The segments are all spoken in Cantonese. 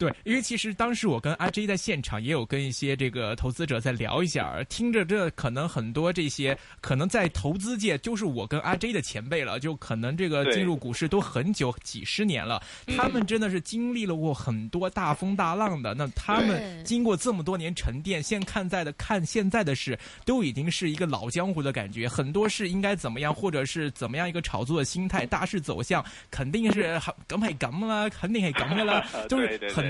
對，因為其實當時我跟阿 J 在現場也有跟一些這個投資者在聊一下，聽着這可能很多這些可能在投資界就是我跟阿 J 的前輩了，就可能這個進入股市都很久幾十年了，對他們真的是經歷了過很多大風大浪的。那他們經過這麼多年沉澱，現看在的看現在的事，都已經是一個老江湖的感覺。很多事應該怎麼樣，或者是怎麼樣一個炒作的心態，大勢走向肯定是很梗係咁啦，肯定係咁噶啦，是 就是很。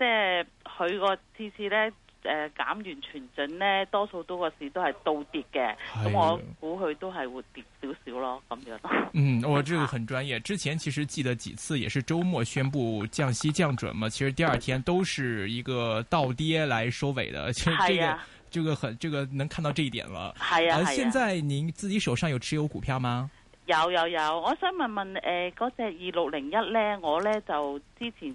即係佢個次次咧，誒、呃、減完全準咧，多數多個市都係倒跌嘅，咁我估佢都係會跌少少咯，咁樣咯。嗯，我這個很專業。之前其實記得幾次也是周末宣布降息降準嘛，其實第二天都是一個倒跌來收尾的。係、這個、啊，這個很，這個能看到這一點了。係啊啊。呃、啊現在您自己手上有持有股票嗎？有有有，我想問問，誒嗰隻二六零一咧，我咧就之前。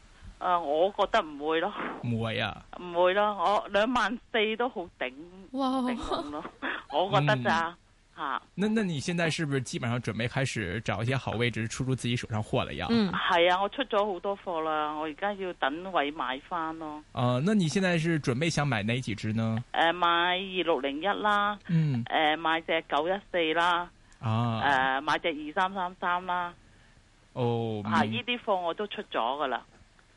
誒、呃，我覺得唔會咯，唔呀會啊，唔會咯，我兩萬四都好頂，Wow. 頂咯，我覺得咋吓？嗯啊、那那你現在是不是基本上準備開始找一些好位置出出自己手上貨啦？要嗯，係啊，我出咗好多貨啦，我而家要等位買返咯。啊、呃，那你現在是準備想買哪幾支呢？誒、呃，買二六零一啦，嗯，誒，買隻九一四啦，啊，誒，買隻二三三三啦，哦，吓，呢啲貨我都出咗噶啦。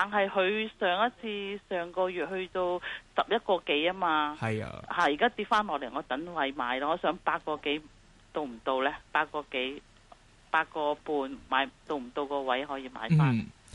但係佢上一次上個月去到十一個幾啊嘛，係啊，嚇而家跌翻落嚟，我等位買咯，我想八個幾到唔到呢？八個幾、八個半買到唔到，個位可以買翻？嗯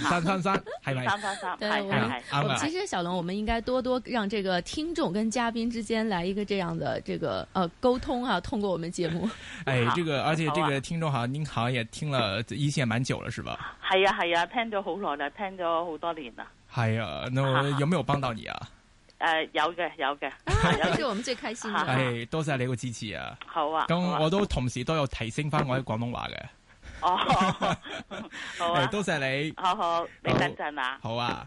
二三三三，係咪？三三三，係係係，三三三，是吧？其實小龍，我們應該多多讓這個聽眾跟嘉賓之間來一個這樣的這個，呃，溝通啊，通過我們節目。哎，這個而且這個聽眾，哈，您好像也聽了以前也蠻久了，是吧？係啊係啊，聽咗好耐啦，聽咗好多年啦。係啊、哎，那有沒有幫到你啊？誒、啊，有嘅有嘅，啊啊、這是我們最開心的。係、 哎、多謝你個支持啊！好啊，咁我都同時都有提升翻我啲廣東話嘅。哦， 好啊、哎，多謝你，好好，你等陣啊，好啊。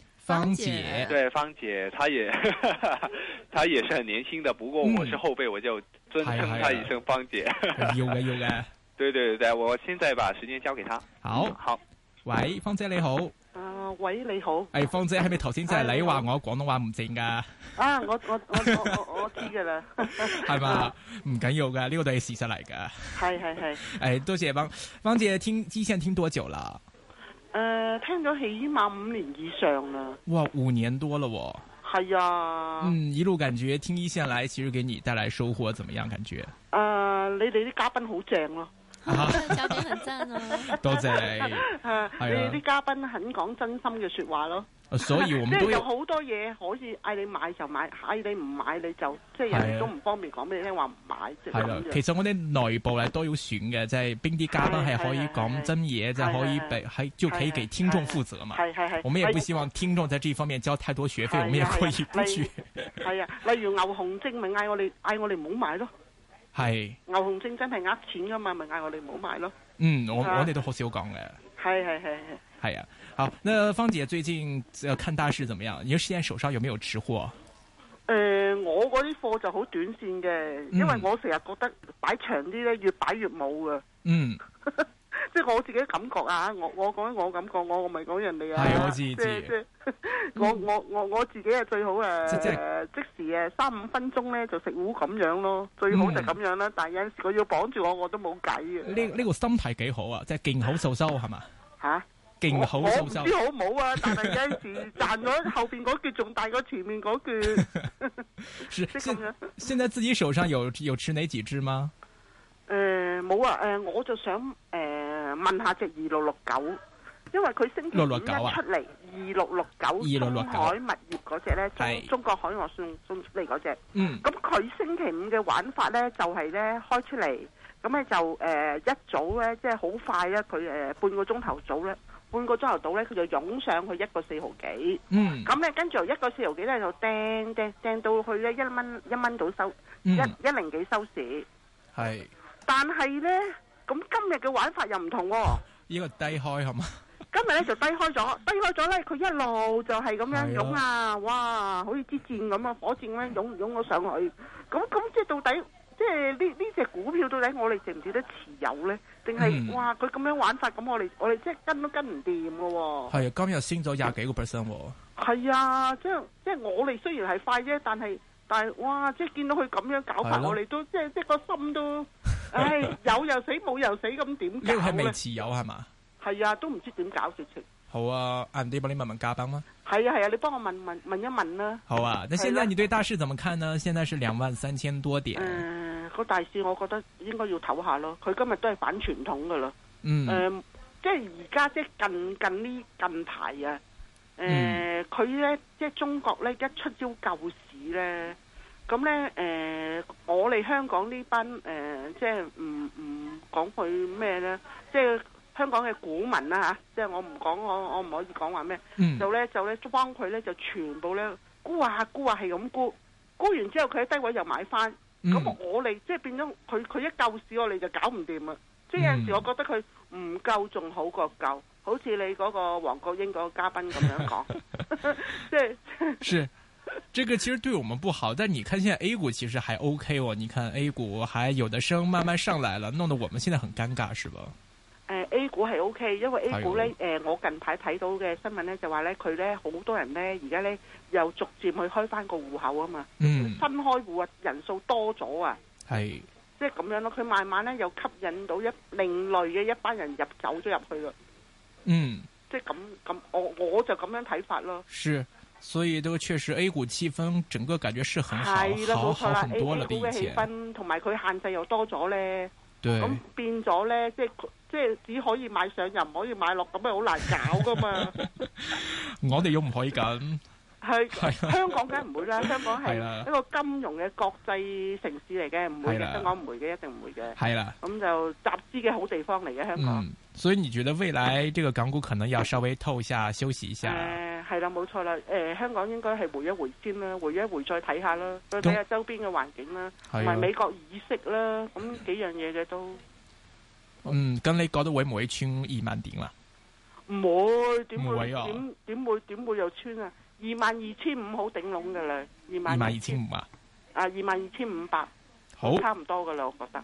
芳姐，對芳姐，她也，她也是很年輕的，不過我是後輩，我就尊稱她一聲芳姐。有嘅有嘅，對對對，我現在把時間交給她。好，好，喂，芳姐你好。啊，喂，你好。哎芳姐，係咪頭先就係你話我廣東話唔正噶？啊，我我我我我我知噶啦。係嘛？唔緊要噶，呢個都係事實嚟噶。係係係。誒，多謝芳芳姐，聽機線聽多久了？誒、呃，聽咗起碼五年以上啦！哇，五年多了喎、哦，係啊，嗯，一路感覺聽一線來，其實給你帶來收穫，怎麼樣感覺？誒、呃，你哋啲嘉賓好正咯、哦。 啊！多謝，係你哋啲嘉賓肯講真心嘅說話咯。所以，我即係有好多嘢可以嗌你買就買，嗌你唔買你就即係人都唔方便講俾你聽話唔買。係啊，其實我哋內部都要選嘅，即係邊啲嘉賓係可以講真嘢，就可以俾，係就可以俾聽眾負責嘛。係係係，我們也不希望聽眾喺呢方面交太多學費，我們也過意不去。係啊，例如牛紅精明嗌我哋，嗌我哋唔好買咯。係牛熊證真係呃錢噶嘛，咪嗌我哋唔好買咯。嗯，啊、我我哋都好少講嘅。係係係係係啊！好，那方姐最近看大市怎麼樣？你又試下手上有沒有持貨？誒、呃，我嗰啲貨就好短線嘅，嗯、因為我成日覺得擺長啲咧，越擺越冇噶。嗯。 即係我自己感覺啊！我我講緊我感覺，我我唔係講人哋啊！即即我我我我自己啊，最好誒即即即時啊，三五分鐘咧就食糊咁樣咯，最好就咁樣啦。但係有陣時佢要綁住我，我都冇計啊！呢呢個心態幾好啊！即係見好就收係嘛？嚇見好就收！我唔知好唔好啊！但係有陣時賺咗後邊嗰橛仲大過前面嗰橛，即係咁樣。現在自己手上有有持哪幾支嗎？誒冇啊！誒我就想誒。問下隻二六六九，因為佢星期五一出嚟，二六六九，中海物業嗰隻呢，中中國海外送出嚟嗰隻。咁佢星期五嘅玩法呢，就係、是、呢開出嚟，咁咧就誒、呃、一早呢，即係好快呢，佢誒半個鐘頭早呢，半個鐘頭到呢，佢就湧上去一個四毫幾。咁咧、嗯，跟住由一個四毫幾咧，就掟掟掟到去呢一蚊一蚊到收，嗯、一一零幾收市。係是。但係呢。咁今日嘅玩法又唔同喎，呢個低開係嘛？今日咧就低開咗，低開咗咧，佢一路就係咁樣湧啊，哇！好似支箭咁啊，火箭咁咧湧湧咗上去。咁咁即係到底，即係呢呢隻股票到底我哋值唔值得持有咧？定係哇？佢咁樣玩法咁，我哋我哋即係跟都跟唔掂嘅喎。係啊，今日升咗廿幾個 percent 喎。係啊，即係即係我哋雖然係快啫，但係但係哇！即係見到佢咁樣搞法，我哋都即係即係個心都。唉、 哎，有又死，冇又死，咁點解？呢個係未持有係嘛？係啊，都唔知點搞事情。好啊，人哋幫你問問嘉賓啊。係啊係啊，你幫我問問問一問啦。好啊，那現在你對大市怎麼看呢？現在是兩萬三千多點。誒，個、呃、大市我覺得應該要唞下咯。佢今日都係反傳統噶咯。嗯。誒、呃，即係而家即係近近呢近排啊，誒、呃，佢咧、嗯、即係中國咧一出招救市咧。咁咧，誒、呃，我哋香港呢班誒、呃，即係唔唔講佢咩咧，即係香港嘅股民啦、啊、吓，即係我唔講我，我唔可以講話咩、嗯，就咧就咧幫佢咧就全部咧沽下沽下係咁沽。沽、啊啊啊、完之後佢喺低位又買翻，咁、嗯、我哋即係變咗佢佢一救市，我哋就搞唔掂啊！嗯、即係有陣時我覺得佢唔救仲好過救，好似你嗰個黃國英嗰個嘉賓咁樣講，即係。這個其實對我們不好，但你看現在 A 股其實還 OK 哦。你看 A 股還有的升，慢慢上來了，弄得我們現在很尷尬，是吧？呃，A 股係 OK，因為 A 股呢，誒、哎呦、呃，我近排睇到嘅新聞呢，就話呢，佢呢好多人呢，而家呢又逐漸去開翻個戶口啊嘛，嗯，新開戶啊，人數多咗啊，係、哎，即係咁樣咯，佢慢慢呢又吸引到一另類嘅一班人入走咗入去咯，嗯，即係咁咁，我我就咁樣睇法咯，是。所以都確實 A 股氣氛整個感覺是很好，好好很多啦，A 股嘅氣氛同埋佢限制又多咗咧，咁變咗咧即係即係只可以買上又唔可以買落，咁咪好難搞噶嘛。我哋又唔可以咁。係香港梗唔會啦，香港係一個金融嘅國際城市嚟嘅，唔會嘅，香港唔會嘅，一定唔會嘅。係啦，咁就集資嘅好地方嚟嘅香港。所以你覺得未來這個港股可能要稍微透下休息一下？誒、呃，係啦，冇錯啦，誒、呃，香港應該係回一回先啦，回一回再睇下啦，再睇下周邊嘅環境啦，同埋的美國議息啦，咁幾樣嘢嘅都。嗯，咁、嗯、你覺得會唔會穿二萬點啦、啊？唔會，點會？點點會、哦、會？點會又穿啊？二萬二千五好頂籠噶啦，二萬二,二萬二千五啊？啊，二萬二千五百，好，差唔多噶啦，我覺得。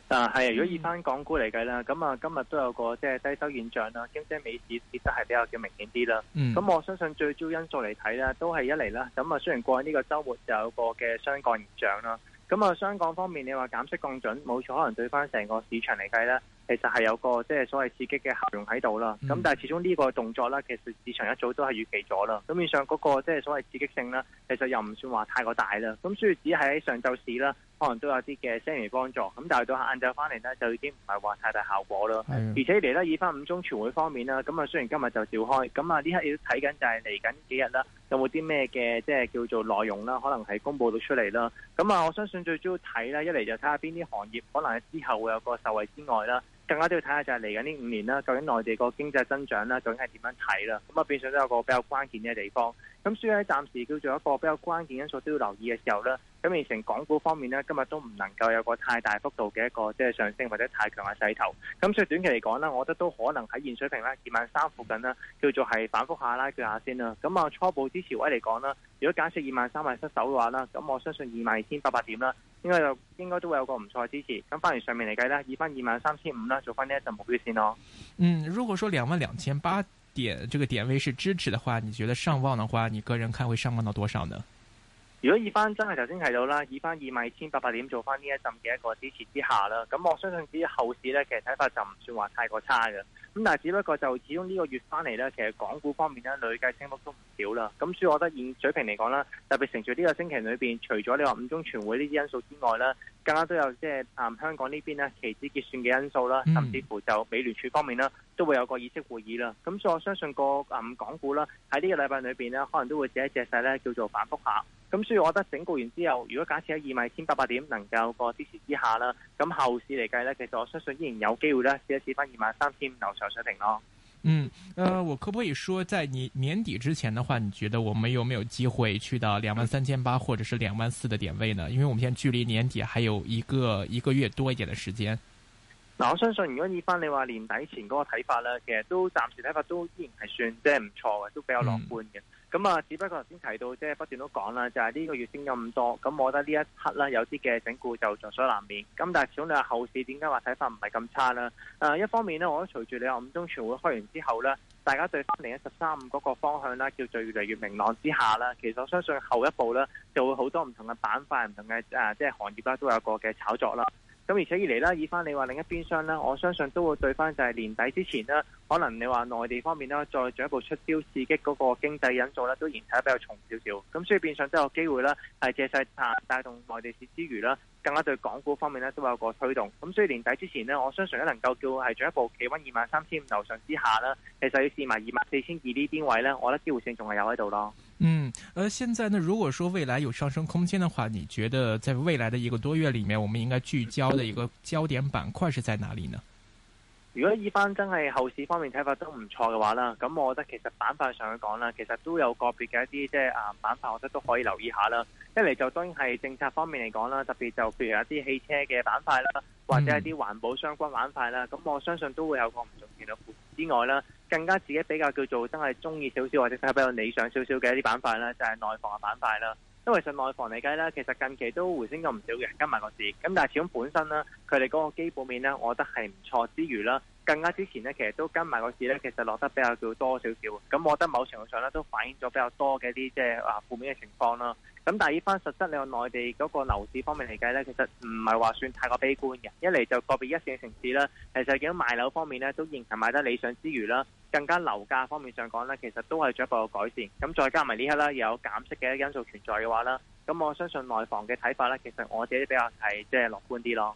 啊，係！如果以返港股嚟計啦，咁啊今日都有個即係低收現象啦，兼且美指跌得係比較明顯啲啦。咁、嗯、我相信最主要因素嚟睇咧，都係一嚟啦。咁啊雖然過呢個週末就有個嘅雙降現象啦，咁啊雙降方面你話減息降準，冇錯，可能對翻成個市場嚟計咧，其實係有個即係所謂刺激嘅效用喺度啦。咁但係始終呢個動作啦，其實市場一早都係預期咗啦。咁面上嗰個即係所謂刺激性啦，其實又唔算話太過大啦。咁所以只係喺上晝市啦。可能都有啲嘅聲援幫助，咁但係到下晏晝翻嚟咧，就已經唔係話太大效果啦。的而且嚟咧，以翻五中全會方面啦，咁啊雖然今日就召開，咁啊呢刻要睇緊就係嚟緊幾日啦，有冇啲咩嘅即係叫做內容啦，可能係公佈到出嚟啦。咁啊，我相信最主要睇啦，一嚟就睇下邊啲行業可能喺之後會有個受惠之外啦。更加都要睇下就係嚟緊呢五年啦，究竟內地個經濟增長啦，究竟係點樣睇啦？咁啊，變相都有個比較關鍵嘅地方。咁所以喺暫時叫做一個比較關鍵因素都要留意嘅時候啦。咁變成港股方面咧，今日都唔能夠有個太大幅度嘅一個即係上升或者太強嘅勢頭。咁所以短期嚟講咧，我覺得都可能喺現水平啦，二萬三附近啦，叫做係反覆一下拉佢下先啦。咁啊，初步支持位嚟講啦，如果假設二萬三係失守嘅話啦，咁我相信二萬二千八百點啦。應該就應該都會有個唔錯嘅支持，咁翻完上面嚟計啦，以翻二萬三千五啦，做翻呢一陣目標先咯。嗯，如果說兩萬兩千八點這個點位是支持的話，你覺得上望嘅話，你個人看會上望到多少呢？如果以翻真係頭先提到啦，以翻二萬二千八百點做翻呢一陣嘅一個支持之下啦，咁我相信至於後市咧，其實睇法就唔算話太過差嘅。咁但係只不過就始終呢個月翻嚟咧，其實港股方面咧，累計升幅都唔少啦。咁所以我覺得現水平嚟講啦，特別成住呢個星期裏面，除咗你話五中全會呢啲因素之外啦，更加都有即係，嗯，香港呢邊呢期指結算嘅因素啦，甚至乎就美聯儲方面啦都會有個議息會議啦。咁所以我相信個，嗯，港股啦喺呢個禮拜裏面呢，可能都會借一借勢咧叫做反覆下。咁所以我覺得整固完之後，如果假設喺二萬一千八百點能夠個支持之下啦，咁後市嚟計呢，其實我相信依然有機會咧試一試翻二萬三千五有定咯。嗯，呃，我可不可以說，在年年底之前的話，你覺得我們有沒有機會去到兩萬三千八，或者是兩萬四的點位呢？因為，我們現在距離年底還有一個一個月多一點的時間。嗱、嗯，我相信如果以翻你話年底前嗰個睇法咧，其實都暫時睇法都依然係算即係唔錯嘅，都比較樂觀嘅。咁啊，只不過頭先提到，即係不斷都講啦，就係呢個月升咁多，咁我覺得呢一刻啦，有啲嘅整固就在所難免。咁但係，始終你話後市點解話睇法唔係咁差啦？誒，一方面呢，我覺得隨住你話五中全會開完之後呢，大家對新年嘅十三五嗰個方向啦，叫做越嚟越明朗之下啦，其實我相信後一步呢，就會好多唔同嘅板塊、唔同嘅即係行業啦，都有個嘅炒作啦。咁而且以嚟啦，以翻你話另一邊商啦，我相信都會對翻就係年底之前啦，可能你話內地方面啦，再進一步出招刺激嗰個經濟因素啦，都顯得比較重少少。咁所以變相都有機會啦，係借勢帶帶動內地市之餘啦。更加對港股方面呢都有個推動，咁所以年底之前呢，我相信咧能夠叫係進一步企穩二萬三千五樓上之下啦。其實要試埋二萬四千二呢邊位呢，我覺得機會性仲係有喺度咯。嗯，而、呃、現在呢，如果說未來有上升空間的話，你覺得在未來的一個多月裏面，我們應該聚焦的一個焦點板塊是在哪裏呢？如果依翻真係後市方面睇法都唔錯嘅話啦，咁我覺得其實板塊上去講啦，其實都有個別嘅一啲即係啊板塊，就是、我覺得都可以留意一下啦。一嚟就當然係政策方面嚟講啦，特別就譬如一啲汽車嘅板塊啦，或者一啲環保相關板塊啦，咁、嗯、我相信都會有個唔俗嘅跌幅之外啦，更加自己比較叫做真係中意少少或者睇比較理想少少嘅一啲板塊啦，就係內房嘅板塊啦。因為上內房嚟計咧，其實近期都回升咗唔少嘅，跟埋個市。咁但係始終本身咧，佢哋嗰個基本面咧，我覺得係唔錯之餘啦。更加之前呢，其實都跟埋個市呢，其實落得比較叫多少少。咁我覺得某程度上呢，都反映咗比較多嘅一啲即係啊負面嘅情況啦。咁但係以番實質，你話內地嗰個樓市方面嚟計呢，其實唔係話算太過悲觀嘅。一嚟就個別一線嘅城市呢，其實喺賣樓方面呢，都仍然賣得理想之餘啦，更加樓價方面上講呢，其實都係進一步改善。咁再加埋呢刻呢，有減息嘅因素存在嘅話呢，咁我相信內房嘅睇法呢，其實我自己比較係即係樂觀啲咯。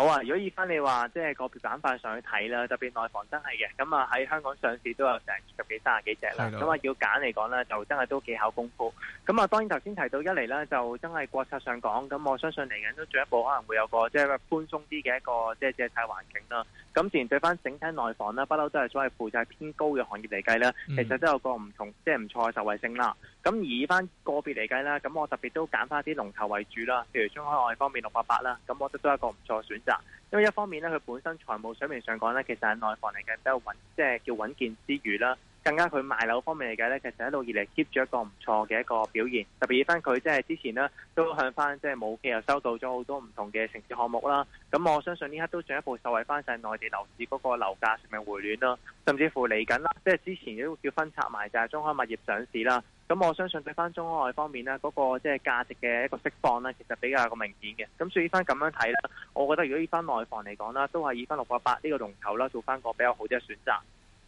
好啊！如果以翻你話，即係個別板塊上去睇啦，特別內房真係嘅，咁啊喺香港上市都有成十幾三十幾隻啦。咁啊，要揀嚟講咧，就真係都幾考功夫。咁啊，當然頭先提到一嚟咧，就真係國策上講，咁我相信嚟緊都進一步可能會有個即係寬鬆啲嘅一個即係借貸環境啦。咁自然對翻整體內房咧，不嬲都係所謂負債偏高嘅行業嚟計咧，嗯、其實都有個唔同即係唔錯嘅受惠性啦。咁以翻個別嚟計啦，咁我特別都揀翻啲龍頭為主啦，譬如中海外方面六百八啦，咁我覺得都係一個唔錯嘅選擇，因為一方面咧，佢本身財務水平上講咧，其實喺內房嚟計比較穩即係叫穩健之餘啦。更加佢賣樓方面嚟計咧，其實一路以嚟 keep 住一個唔錯嘅一個表現。特別以翻佢即係之前呢都向翻即係母公司又收到咗好多唔同嘅城市項目啦。咁我相信呢刻都進一步受惠翻晒內地樓市嗰個樓價上面回暖啦。甚至乎嚟緊啦，即係之前都叫分拆埋，就係中海物業上市啦。咁我相信對翻中海方面呢嗰、那個即係價值嘅一個釋放呢，其實比較有個明顯嘅。咁所以翻咁樣睇啦，我覺得如果以翻內房嚟講啦，都係以翻六百八呢個龍頭啦，做翻個比較好啲嘅選擇。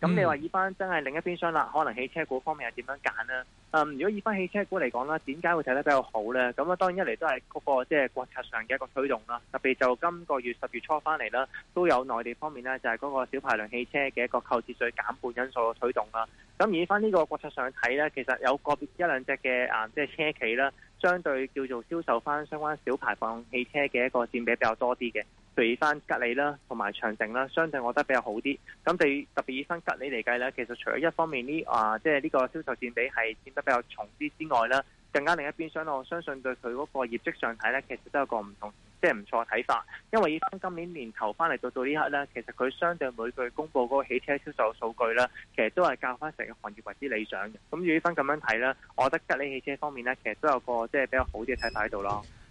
咁你話以翻真係另一邊廂啦，可能汽車股方面係點樣揀呢？嗯，如果以翻汽車股嚟講啦，點解會睇得比較好呢？咁啊，當然一嚟都係嗰、那個即係、就是、國策上嘅一個推動啦，特別就今個月十月初翻嚟啦，都有內地方面呢，就係嗰個小排量汽車嘅一個購置稅減半因素嘅推動啦。咁而翻呢個國策上睇呢，其實有個別一兩隻嘅啊，即、就、係、是、車企啦，相對叫做銷售翻相關小排放汽車嘅一個佔比比較多啲嘅。對翻吉利啦，同埋長城啦，相對我覺得比較好啲。咁對特別以翻吉利嚟計咧，其實除咗一方面呢啊，即係呢個銷售佔比係佔得比較重啲之外啦，更加另一邊廂，我相信對佢嗰個業績上睇咧，其實都有個唔同，即係唔錯嘅睇法。因為以翻今年年頭翻嚟到到呢刻咧，其實佢相對每個月公布嗰個汽車銷售數據啦，其實都係較翻成個行業為之理想嘅。咁以返咁樣睇啦，我覺得吉利汽車方面咧，其實都有個即係比較好啲嘅睇法喺度咯。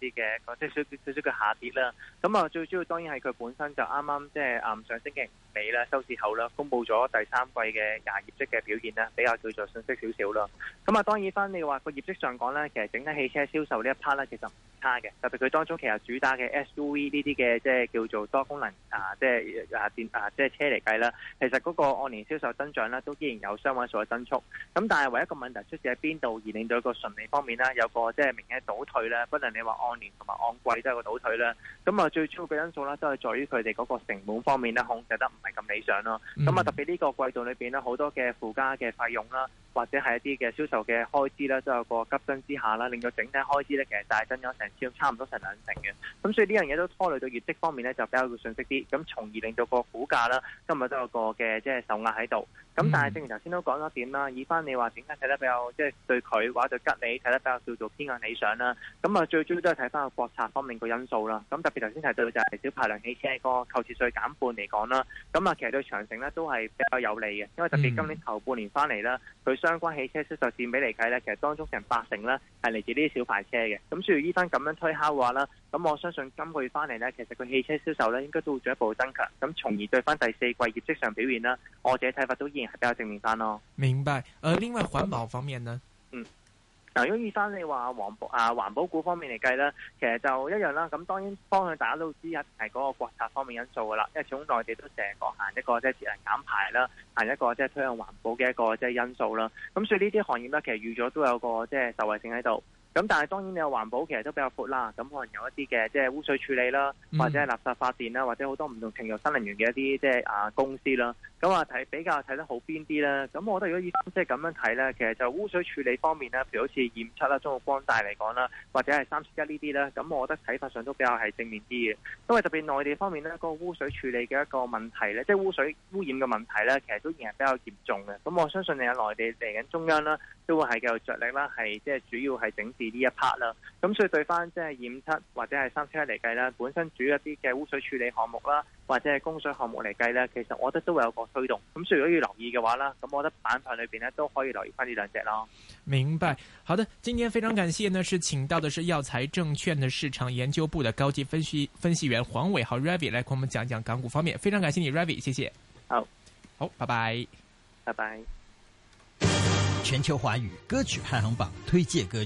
啲嘅，少少少少嘅下跌啦。咁啊，最主要當然係佢本身就啱啱即係上星期尾啦，收市後啦，公布咗第三季嘅業業績嘅表現啦，比較叫做遜色少少啦。咁啊，當然翻你話個業績上講咧，其實整體汽車銷售呢一 part 咧，其實唔差嘅。特別佢當中其實主打嘅 SUV 呢啲嘅，即係叫做多功能啊，即係啊電啊，即係、啊就是、車嚟計啦。其實嗰個按年銷售增長啦，都依然有雙位數嘅增速。咁但係唯一,一個問題出現喺邊度而令到一個順利方面啦，有個即係明顯倒退啦。不論你話年同埋按季都有個倒退啦，咁啊，最初嘅因素啦，都係在於佢哋嗰個成本方面咧控制得唔係咁理想咯。咁啊、嗯、特別呢個季度裏邊咧好多嘅附加嘅費用啦，或者係一啲嘅銷售嘅開支咧都有個急增之下啦，令到整體開支咧其實大增咗成超差唔多成兩成嘅，咁所以呢樣嘢都拖累到業績方面咧就比較會順適啲，咁從而令到個股價啦今日都有個嘅即係受壓喺度，咁、嗯、但係正如頭先都講咗點啦，以翻你話點解睇得比較即係、就是、對佢話對吉利睇得比較叫做偏向理想啦，咁啊最主要都係。睇翻個國策方面個因素啦，咁特別頭先提到就係小排量汽車個購置稅減半嚟講啦，咁啊其實對長城呢都係比較有利嘅，因為特別今年頭半年翻嚟啦，佢相關汽車銷售佔比嚟計呢，其實當中成八成啦係嚟自呢啲小排車嘅，咁跟住依生咁樣推敲嘅話啦，咁我相信今個月翻嚟呢，其實佢汽車銷售呢應該都會進一步增強，咁從而對翻第四季業績上表現啦，我自己睇法都依然係比較正面翻咯。明白，而另外環保方面呢？嗯。嗱，如果以翻你話環保啊，環保股方面嚟計咧，其實就一樣啦。咁當然方向大家都知，一定係嗰個國策方面因素噶啦。因為始終內地都成日行一個即係節能減排啦，行一個即係推向環保嘅一個即係因素啦。咁所以呢啲行業咧，其實預咗都有個即係受惠性喺度。咁但係當然你有環保其實都比較闊啦，咁可能有一啲嘅即係污水處理啦，或者係垃圾發電啦，或者好多唔同停用新能源嘅一啲即係啊公司啦，咁話睇比較睇得好邊啲啦？咁我覺得如果以即係咁樣睇咧，其實就污水處理方面咧，譬如好似驗測啦、中國光大嚟講啦，或者係三十一呢啲咧，咁我覺得睇法上都比較係正面啲嘅，因為特別內地方面咧，個污水處理嘅一個問題咧，即係污水污染嘅問題咧，其實都仍然係比較嚴重嘅。咁我相信你喺內地嚟緊中央啦，都會係繼續着力啦，係即係主要係整。呢一 part 啦，咁所以對翻即係檢測或者係三千一嚟計啦，本身主要一啲嘅污水處理項目啦，或者係供水項目嚟計咧，其實我覺得都會有個推動。咁所以如果要留意嘅話啦，咁我覺得板塊裏邊呢都可以留意翻呢兩隻咯。明白，好的，今天非常感謝呢，是請到的是耀才證券的市場研究部的高級分析分析員黃偉豪。Ravi 來同我們講講港股方面。非常感謝你 Ravi 謝謝。好好，拜拜，拜拜。Bye bye 全球華語歌曲排行榜推薦歌曲。